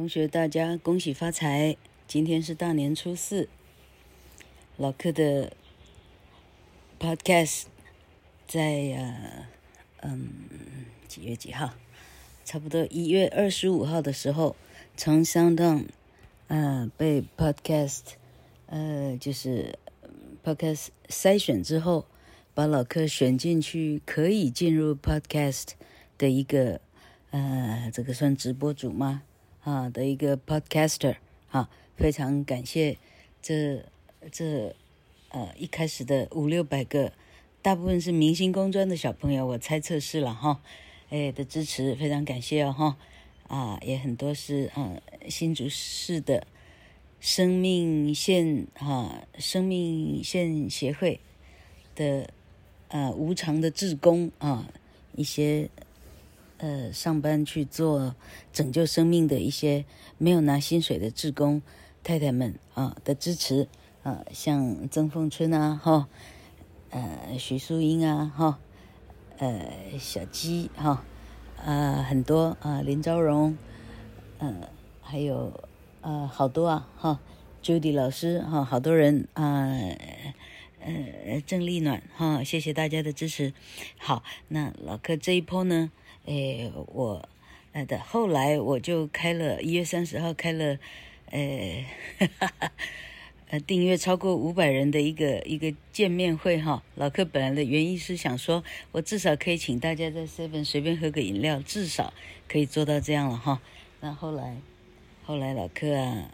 同學，大家恭喜發財！今天是大年初四。老客的 podcast 在呃嗯，幾月幾號？差不多一月二十五號的時候，從相等，嗯、呃，被 podcast 呃，就是 podcast 篩選之後，把老客選進去，可以進入 podcast 的一個呃，這個算直播主嗎？啊的一個 podcaster 啊，非常感謝，這這呃一開始的五六百個，大部分是明星工專的小朋友，我猜測是了哈，哎的支持，非常感謝哦哈啊，也很多是嗯、啊、新竹市的生命線哈、啊、生命線協會的呃、啊、無償的志工啊一些。呃，上班去做拯救生命的一些沒有拿薪水的志工太太們啊的支持啊，像曾鳳春啊哈，呃徐淑英啊哈，呃小雞哈，啊、呃、很多啊、呃、林昭榮，嗯、呃，還有啊、呃、好多啊哈，Judy 老師哈，好多人啊，呃鄭麗、呃、暖哈，謝謝大家的支持。好，那老柯這一波呢？誒，我呃，的，後來我就開了一月三十號開了，呃，呃，訂閱超過五百人的一個一個見面會哈。老客本來的原因是想說，我至少可以請大家在 seven 隨便喝個飲料，至少可以做到這樣了哈。那後來，後來老客，啊，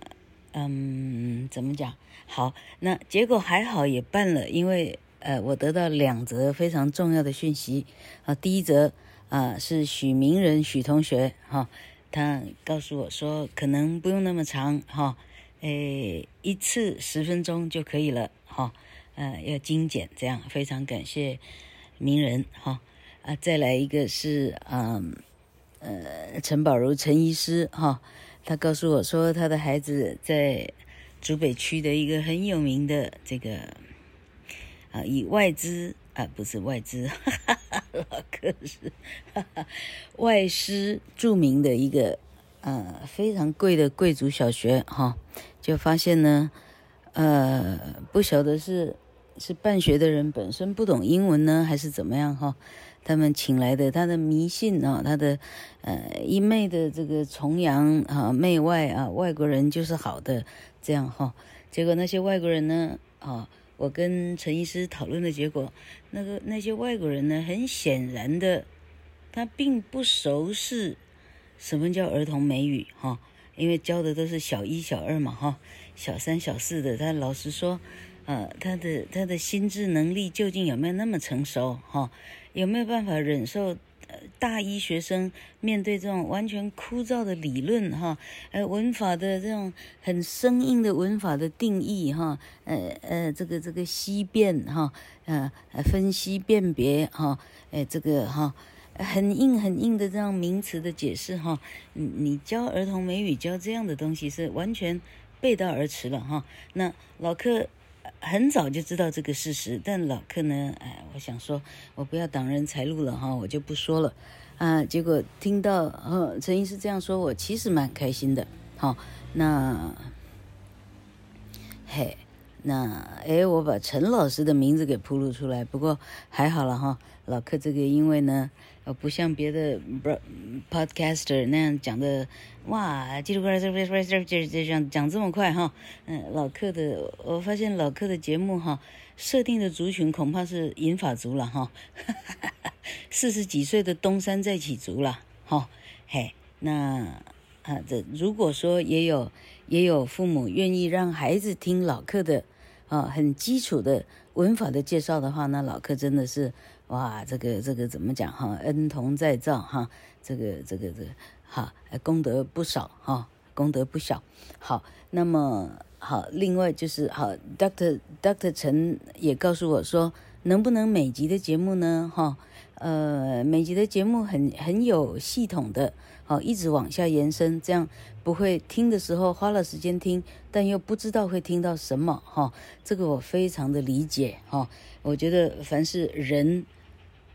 嗯，怎麼講？好，那結果還好也辦了，因為呃，我得到兩則非常重要的訊息啊，第一則。啊，是許名人許同學哈、哦，他告訴我說，可能不用那麼長哈、哦，誒，一次十分鐘就可以了哈、哦，呃，要精簡這樣，非常感謝名人哈、哦，啊，再來一個是嗯，呃，陳寶如陳醫師哈、哦，他告訴我說，他的孩子在，竹北區的一個很有名的這個，啊，以外資。啊，不是外資，哈哈老科哈，哈。可是外師著名的一個，呃，非常貴的貴族小學哈、哦，就發現呢，呃，不曉得是是辦學的人本身不懂英文呢，還是怎麼樣哈、哦？他們請來的他的迷信啊、哦，他的呃一味的這個崇洋啊媚、哦、外啊，外國人就是好的這樣哈、哦，結果那些外國人呢啊。哦我跟陳醫師討論的結果，那個那些外國人呢，很顯然的，他並不熟悉什麼叫兒童美語哈、哦，因為教的都是小一、小二嘛哈、哦，小三、小四的，他老實說，呃，他的他的心智能力究竟有沒有那麼成熟哈、哦，有沒有辦法忍受？大一學生面對這種完全枯燥的理論哈，呃，文法的這種很生硬的文法的定義哈，呃呃，這個這個析辨哈，呃分析辨別哈，哎，這個哈，很硬很硬的這樣名詞的解釋哈，你教兒童美語教這樣的東西是完全背道而馳了哈，那老柯。很早就知道這個事實，但老客呢？哎，我想說，我不要擋人財路了哈，我就不說了啊。結果聽到、哦、陳醫師這樣說我，其實蠻開心的。好、哦，那嘿，那哎，我把陳老師的名字給披露出來，不過還好了哈，老客這個因為呢。呃，不像別的不 podcaster 那樣講的，哇，這個這這這這樣講這麼快哈，嗯，老克的，我發現老克的節目哈、啊，設定的族群恐怕是銀髮族了哈，哈哈哈四十幾歲的東山再起族了哈、哦，嘿，那啊，這如果說也有也有父母願意讓孩子聽老克的，啊，很基礎的。文法的介紹的話呢，那老客真的是哇，這個這個怎麼講哈、啊？恩同再造哈、啊，這個這個這個哈，功德不少哈、啊，功德不小。好，那麼好，另外就是好，Doctor Doctor 陳也告訴我說，能不能每集的節目呢？哈、啊，呃，每集的節目很很有系統的。哦，一直往下延伸，這樣不會聽的時候花了時間聽，但又不知道會聽到什麼哈、哦。這個我非常的理解哈、哦。我覺得凡是人，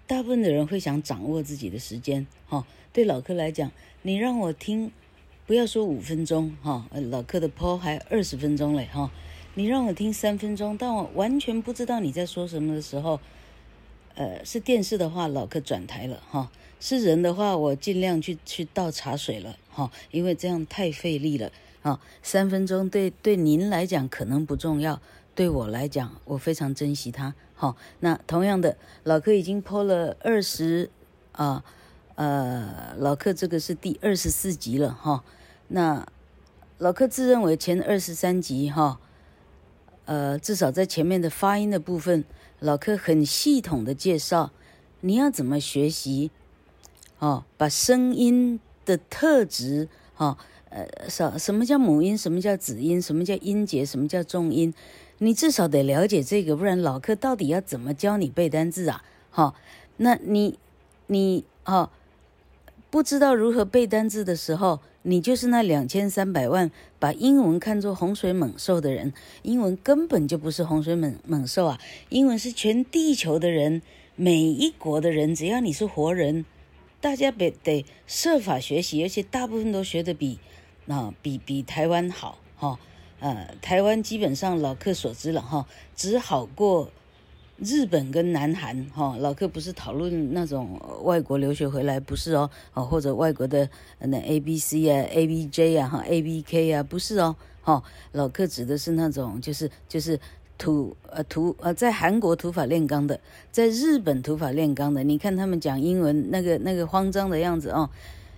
大部分的人會想掌握自己的時間哈、哦。對老柯來講，你讓我聽，不要說五分鐘哈、哦，老柯的 PO 還二十分鐘嘞哈、哦。你讓我聽三分鐘，但我完全不知道你在說什麼的時候，呃，是電視的話，老柯轉台了哈。哦。是人的話，我盡量去去倒茶水了哈、哦，因為這樣太費力了啊、哦。三分鐘對對您來講可能不重要，對我來講，我非常珍惜它哈、哦。那同樣的，老克已經破了二十啊，呃，老克這個是第二十四集了哈、哦。那老克自認為前二十三集哈、哦，呃，至少在前面的發音的部分，老克很系統地介紹你要怎麼學習。哦，把聲音的特質，哈、哦，呃，什什麼叫母音，什麼叫子音，什麼叫音節，什麼叫重音，你至少得了解這個，不然老克到底要怎麼教你背單字啊？好、哦，那你，你，哈、哦，不知道如何背單字的時候，你就是那兩千三百萬把英文看作洪水猛獸的人，英文根本就不是洪水猛猛獸啊，英文是全地球的人，每一國的人，只要你是活人。大家別得設法學習，而且大部分都學得比，啊、哦，比比台灣好哈、哦。呃，台灣基本上老客所知了哈，只、哦、好過日本跟南韓哈、哦。老客不是討論那種外國留學回來不是哦，哦或者外國的那 A B C 啊，A B J 啊，哈、啊、A B K 啊，不是哦，哈、哦、老客指的是那種就是就是。土呃、啊、土呃、啊，在韓國土法煉鋼的，在日本土法煉鋼的，你看他們講英文那個那個慌張的樣子哦，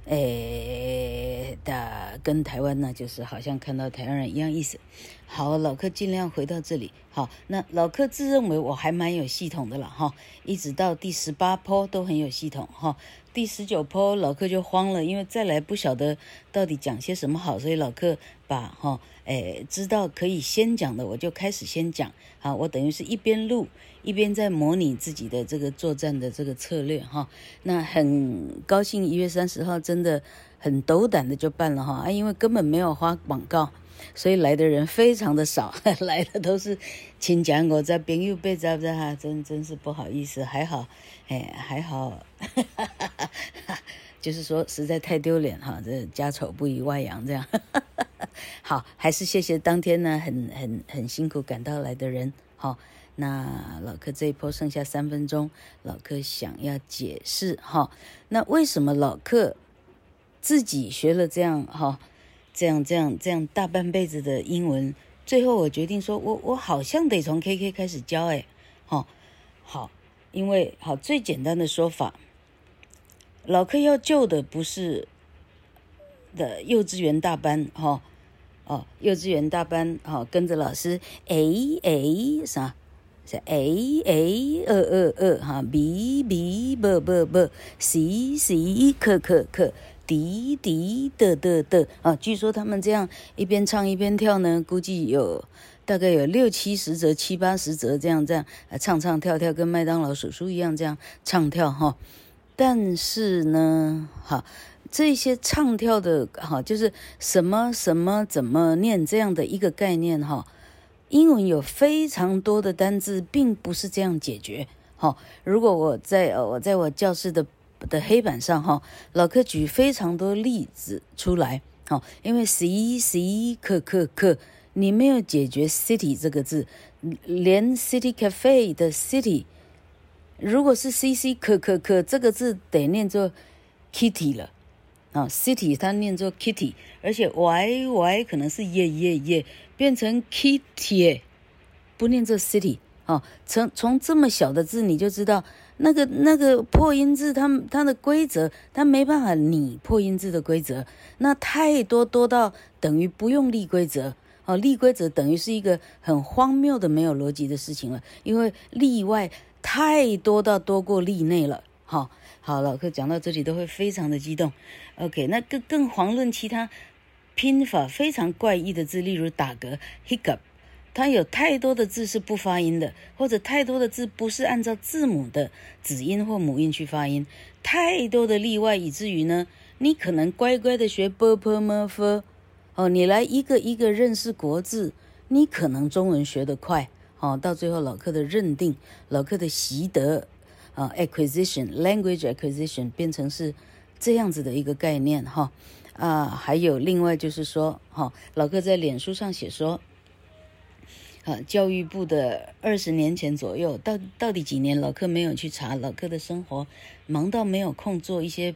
哎，打跟台灣呢，就是好像看到台灣人一樣意思。好，老客盡量回到這裡。好，那老客自認為我還蠻有系統的了哈，一直到第十八波都很有系統哈。第十九波老客就慌了，因為再來不曉得到底講些什麼好，所以老客把哈，哎，知道可以先講的我就開始先講。好，我等於是一邊錄一邊在模擬自己的這個作戰的這個策略哈。那很高興一月三十號真的很斗膽的就辦了哈，啊，因為根本沒有花廣告，所以來的人非常的少，來的都是親家我在邊右邊，在不真真是不好意思，還好，哎，還好哈哈，就是說實在太丟臉哈，這家醜不宜外揚，這樣。好，還是謝謝當天呢，很很很辛苦趕到來的人。哈，那老客這一波剩下三分鐘，老客想要解釋哈，那為什麼老客自己學了這樣哈？這樣這樣這樣大半輩子的英文，最後我決定說我，我我好像得從 K K 開始教哎，哈、哦、好，因為好最簡單的說法，老柯要教的不是的幼稚園大班哈、哦，幼稚園大班哈、哦、跟着老師 A A 啥是 A, A 二二二，哈比，比、哦，不不不 C C 克，克，克。滴滴的的的啊！據說他們這樣一邊唱一邊跳呢，估計有大概有六七十則、七八十則這樣這樣、啊、唱唱跳跳，跟麥當勞叔叔一樣這樣唱跳哈、哦。但是呢，哈，這些唱跳的哈，就是什麼什麼怎麼念這樣的一個概念哈、哦，英文有非常多的單字，並不是這樣解決、哦、如果我在我在我教室的。的黑板上哈，老柯舉非常多例子出來，好，因為 cc 可可可，你沒有解決 city 這個字，連 city cafe 的 city，如果是 cc 可可可這個字得念作 kitty 了啊，哦，city 它念作 kitty，而且 y y 可能是耶耶耶，變成 kitty，不念做 city 哦，從從這麼小的字你就知道。那個那個破音字它，它它的規則，它沒辦法擬破音字的規則，那太多多到等於不用立規則啊、哦！立規則等於是一個很荒謬的沒有邏輯的事情了，因為例外太多到多過例內了。哈、哦，好了，老客講到這裡都會非常的激動。OK，那更更遑論其他拼法非常怪異的字，例如打嗝，hiccup。它有太多的字是不發音的，或者太多的字不是按照字母的子音或母音去發音，太多的例外，以至於呢，你可能乖乖的學 ㄅㄆㄇㄈ，哦，你來一個一個認識國字，你可能中文學得快，哦，到最後老克的認定，老克的習得，啊、哦、acquisition language acquisition 變成是這樣子的一個概念哈、哦，啊，還有另外就是說，哦、老克在臉書上寫說。啊，教育部的二十年前左右，到到底幾年？老柯沒有去查。老柯的生活，忙到沒有空做一些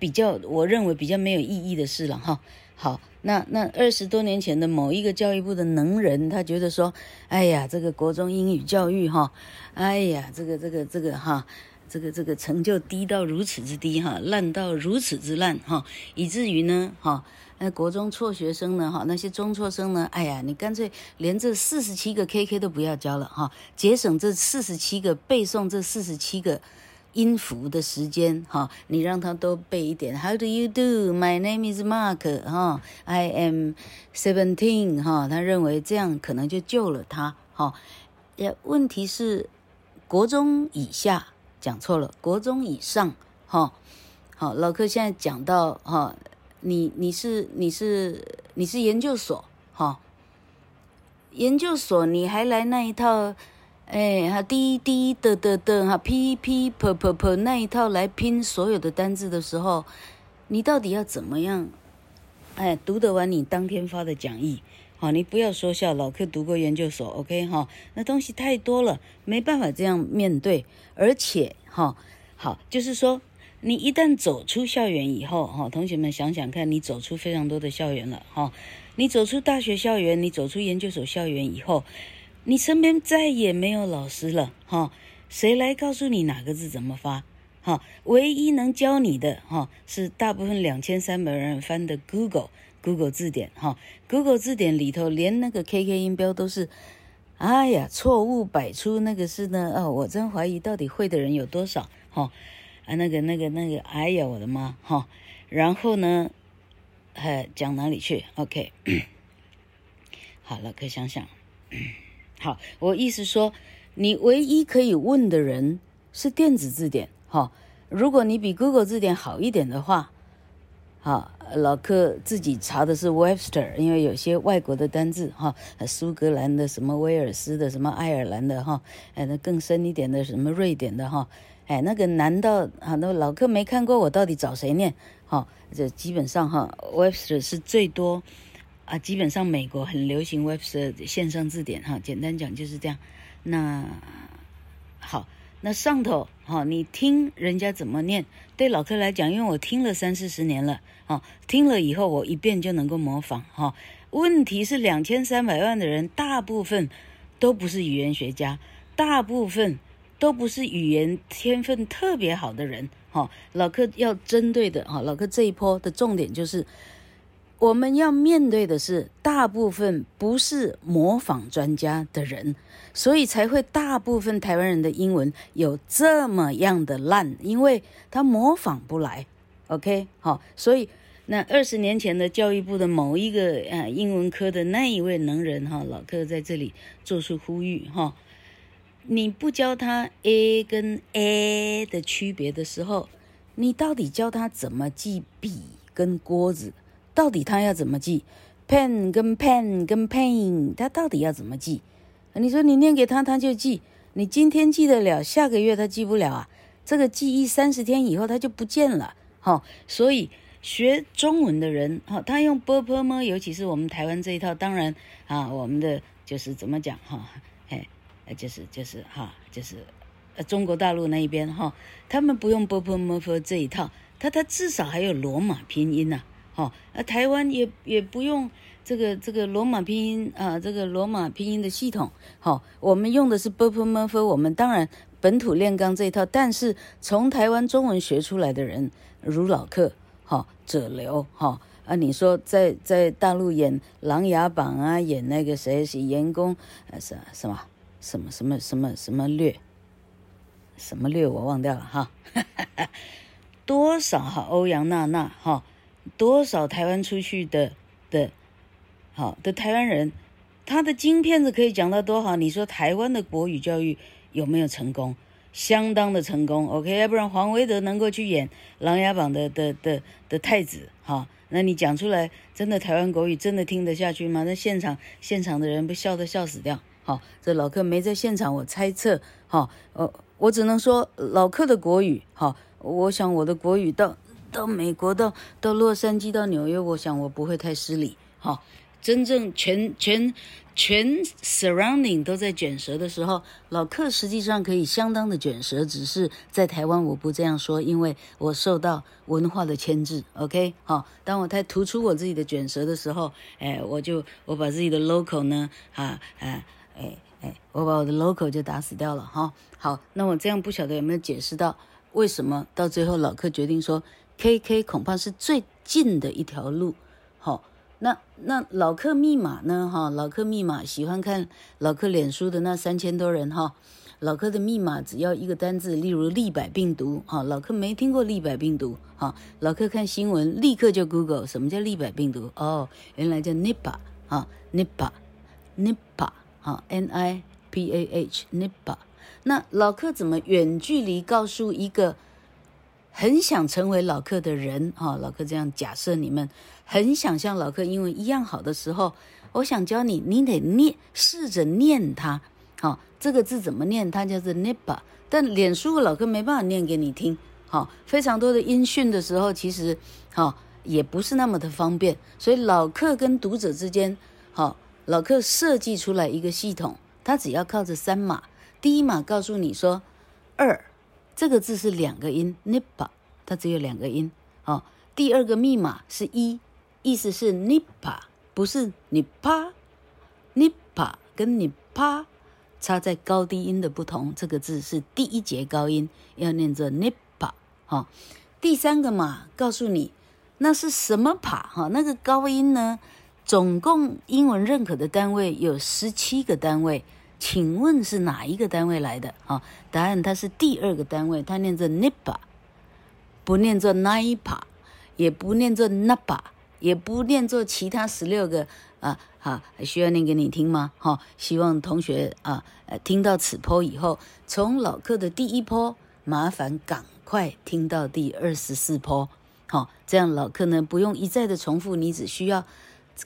比較，我認為比較沒有意義的事了哈。好，那那二十多年前的某一個教育部的能人，他覺得說，哎呀，這個國中英語教育哈，哎呀，這個這個這個哈，這個這個成就低到如此之低哈，爛到如此之爛哈，以至於呢哈。那國中輟學生呢？哈，那些中輟生呢？哎呀，你乾脆連這四十七個 KK 都不要教了哈，節省這四十七個背誦這四十七個音符的時間哈。你讓他多背一點。How do you do? My name is Mark. 哈，I am seventeen. 哈，他認為這樣可能就救了他。哈，也問題是國中以下講錯了，國中以上哈。好，老柯現在講到哈。你你是你是你是研究所哈、哦，研究所你還來那一套，哎、欸、哈滴滴的的的哈噼噼 p p p 那一套來拼所有的單字的時候，你到底要怎麼樣？哎，讀得完你當天發的講義，好，你不要說笑，老柯讀過研究所，OK 哈、哦，那東西太多了，沒辦法這樣面對，而且哈、哦，好就是說。你一旦走出校園以後，哈，同學們想想看，你走出非常多的校園了，哈，你走出大學校園，你走出研究所校園以後，你身邊再也沒有老師了，哈，誰來告訴你哪個字怎麼發？哈，唯一能教你的，哈，是大部分兩千三百人翻的 Google Google 字典，哈，Google 字典裡頭連那個 KK 音標都是，哎呀，錯誤百出，那個是呢，哦，我真懷疑到底會的人有多少，哈。啊，那個、那個、那個，哎呀，我的媽哈、哦！然後呢，呃、啊，講哪裡去？OK，好了，老克想想。好，我意思說，你唯一可以問的人是電子字典哈、哦。如果你比 Google 字典好一點的話，好、哦，老克自己查的是 Webster，因為有些外國的單字。哈、哦，蘇格蘭的、什麼威爾斯的、什麼愛爾蘭的哈，那、哦、更深一點的什麼瑞典的哈。哦。哎，那個難道啊，那老克沒看過我到底找誰念？哈、哦，這基本上哈，Webster 是最多啊，基本上美國很流行 Webster 線上字典哈、哦。簡單講就是這樣。那好，那上頭哈、哦，你聽人家怎麼念，對老克來講，因為我聽了三四十年了，啊、哦，聽了以後我一遍就能夠模仿哈、哦。問題是兩千三百萬的人，大部分都不是語言學家，大部分。都不是語言天分特別好的人，哈，老克要針對的哈，老克這一波的重點就是，我們要面對的是大部分不是模仿專家的人，所以才會大部分台灣人的英文有這麼樣的爛，因為他模仿不來，OK，好，所以那二十年前的教育部的某一個呃英文科的那一位能人哈，老克在這裡做出呼籲哈。你不教他 a 跟 a 的區別的時候，你到底教他怎麼記筆跟鍋子？到底他要怎麼記 pen 跟 pen 跟 pain？他到底要怎麼記？你說你念給他，他就記。你今天記得了，下個月他記不了啊。這個記憶三十天以後，他就不見了。哈、哦，所以學中文的人，哈、哦，他用波波麼？尤其是我們台灣這一套，當然啊，我們的就是怎麼講哈，哦呃，就是就是哈，就是，呃、就是啊就是啊，中國大陸那一邊哈、哦，他們不用波普摩佛這一套，他他至少還有羅馬拼音吶、啊，哈、哦、呃、啊，台灣也也不用這個這個羅馬拼音啊，這個羅馬拼音的系統，哈、哦、我們用的是波普摩佛，phone，我們當然本土煉鋼這一套，但是從台灣中文學出來的人如老客，哈、哦、者流，哈、哦、啊，你說在在大陸演《琅琊榜》啊，演那個誰是嚴工，啊、是是嗎？什麼什麼什麼什麼略，什麼略我忘掉了哈， 多少哈歐陽娜娜哈，多少台灣出去的的，好的台灣人，他的金片子可以講到多好？你說台灣的國語教育有沒有成功？相當的成功。OK，要不然黃維德能夠去演《琅琊榜》的的的的太子哈？那你講出來，真的台灣國語真的聽得下去嗎？那現場現場的人不笑都笑死掉。好，這老客沒在現場，我猜測，哈，呃，我只能說老客的國語，哈，我想我的國語到到美國，到到洛杉磯，到紐約，我想我不會太失禮，哈。真正全全全 surrounding 都在卷舌的時候，老客實際上可以相當的卷舌，只是在台灣我不這樣說，因為我受到文化的牽制。OK，好，當我太突出我自己的卷舌的時候，哎，我就我把自己的 local 呢，啊，哎、啊。哎哎，我把我的 logo 就打死掉了哈、哦。好，那我這樣不曉得有沒有解釋到為什麼到最後老克決定說，KK 恐怕是最近的一條路。好、哦，那那老克密碼呢？哈、哦，老克密碼喜歡看老克臉書的那三千多人哈、哦。老克的密碼只要一個單字，例如立百病毒哈、哦。老克沒聽過立百病毒哈、哦。老克看新聞立刻就 Google 什麼叫立百病毒哦，原來叫 Nipah 啊 Nipah，Nipah 好，n i p a h，Nipah。那老克怎麼遠距離告訴一個很想成為老克的人？啊、哦，老克這樣假設，你們很想像老克英文一樣好的時候，我想教你，你得念，試着念它。好、哦，這個字怎麼念它？它叫做 Nipah。但臉書老克沒辦法念給你聽。好、哦，非常多的音訊的時候，其實好、哦，也不是那麼的方便，所以老克跟讀者之間，好、哦。老克設計出來一個系統，他只要靠着三碼。第一碼告訴你說“二”，這個字是兩個音，nipa，它只有兩個音哦。第二個密碼是一，意思是 nipa，不是你啪 nipa 跟你啪差在高低音的不同。這個字是第一節高音，要念着 nipa 哈、哦。第三個碼告訴你，那是什麼啪？哈？那個高音呢？總共英文認可的單位有十七個單位，請問是哪一個單位來的啊、哦？答案，它是第二個單位，它念作 Nipah，不念作 naipah，也不念作 napa，也，也不念作其他十六個啊，需要念給你聽嗎？哈、哦，希望同學啊，聽到此坡以後，從老課的第一坡，麻煩趕快聽到第二十四坡，好、哦，這樣老課呢不用一再的重複，你只需要。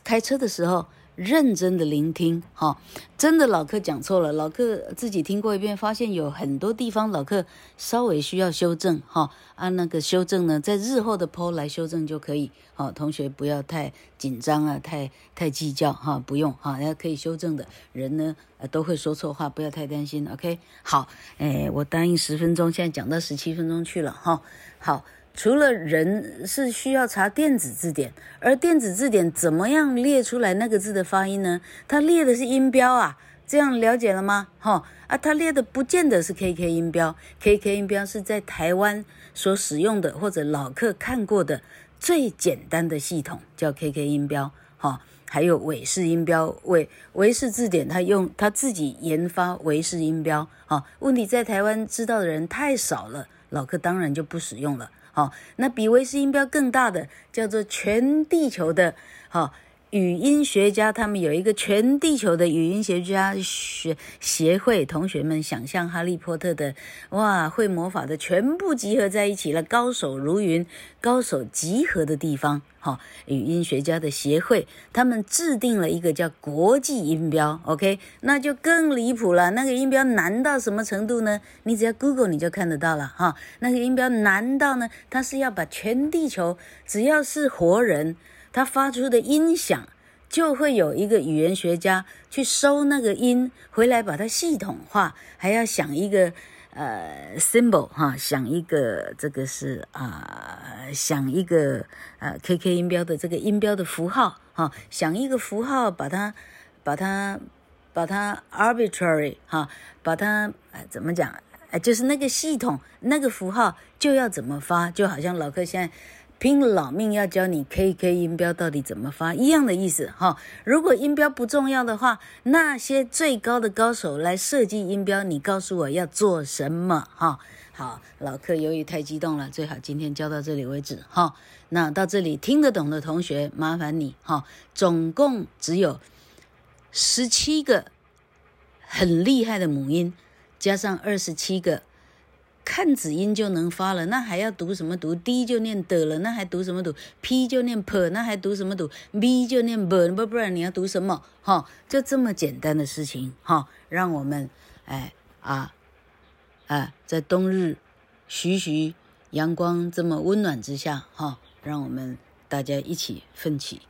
開車的時候認真的聆聽哈、哦，真的老客講錯了，老客自己聽過一遍，發現有很多地方老客稍微需要修正哈，按、哦啊、那個修正呢，在日後的 po 來修正就可以。好、哦，同學不要太緊張啊，太太計較哈、哦，不用哈，哦、要可以修正的人呢、呃、都會說錯話，不要太擔心。OK，好，哎，我答應十分鐘，現在講到十七分鐘去了哈、哦，好。除了人是需要查電子字典，而電子字典怎麼樣列出來那個字的發音呢？它列的是音標啊，這樣了解了嗎？哈、哦、啊，它列的不見得是 KK 音標，KK 音標是在台灣所使用的，或者老客看過的最簡單的系統，叫 KK 音標。哈、哦，還有韋氏音標，韋韋氏字典它用，它自己研發韋氏音標。哈、哦，問題在台灣知道的人太少了，老客當然就不使用了。好、哦，那比韋氏音標更大的叫做全地球的，好、哦。語音學家他們有一個全地球的語音學家學協會，同學們想象哈利波特的哇會魔法的全部集合在一起了，高手如雲，高手集合的地方哈、哦。語音學家的協會，他們制定了一個叫國際音標，OK？那就更離譜了。那個音標難到什麼程度呢？你只要 Google 你就看得到了哈、哦。那個音標難到呢，它是要把全地球只要是活人。他發出的音響，就會有一個語言學家去收那個音回來，把它系統化，還要想一個呃 symbol 哈，想一個這個是啊、呃，想一個呃 KK 音標的這個音標的符號哈，想一個符號，把它把它把它 arbitrary 哈，把它怎麼講，就是那個系統那個符號就要怎麼發，就好像老柯現在。拼老命要教你 KK 音標到底怎麼發，一樣的意思哈、哦。如果音標不重要的話，那些最高的高手來設計音標，你告訴我要做什麼哈、哦。好，老客由於太激動了，最好今天教到這裡為止哈、哦。那到這裡聽得懂的同學，麻煩你哈、哦。總共只有十七個很厲害的母音，加上二十七個。看字音就能發了，那還要讀什麼讀？讀 d 就念得了，那還讀什麼讀？讀 p 就念坡，那還讀什麼讀？讀 b 就念麼？不不然你要讀什麼？哈、哦，就這麼簡單的事情哈、哦，讓我們哎啊啊，在冬日徐徐陽光這麼溫暖之下哈、哦，讓我們大家一起奮起。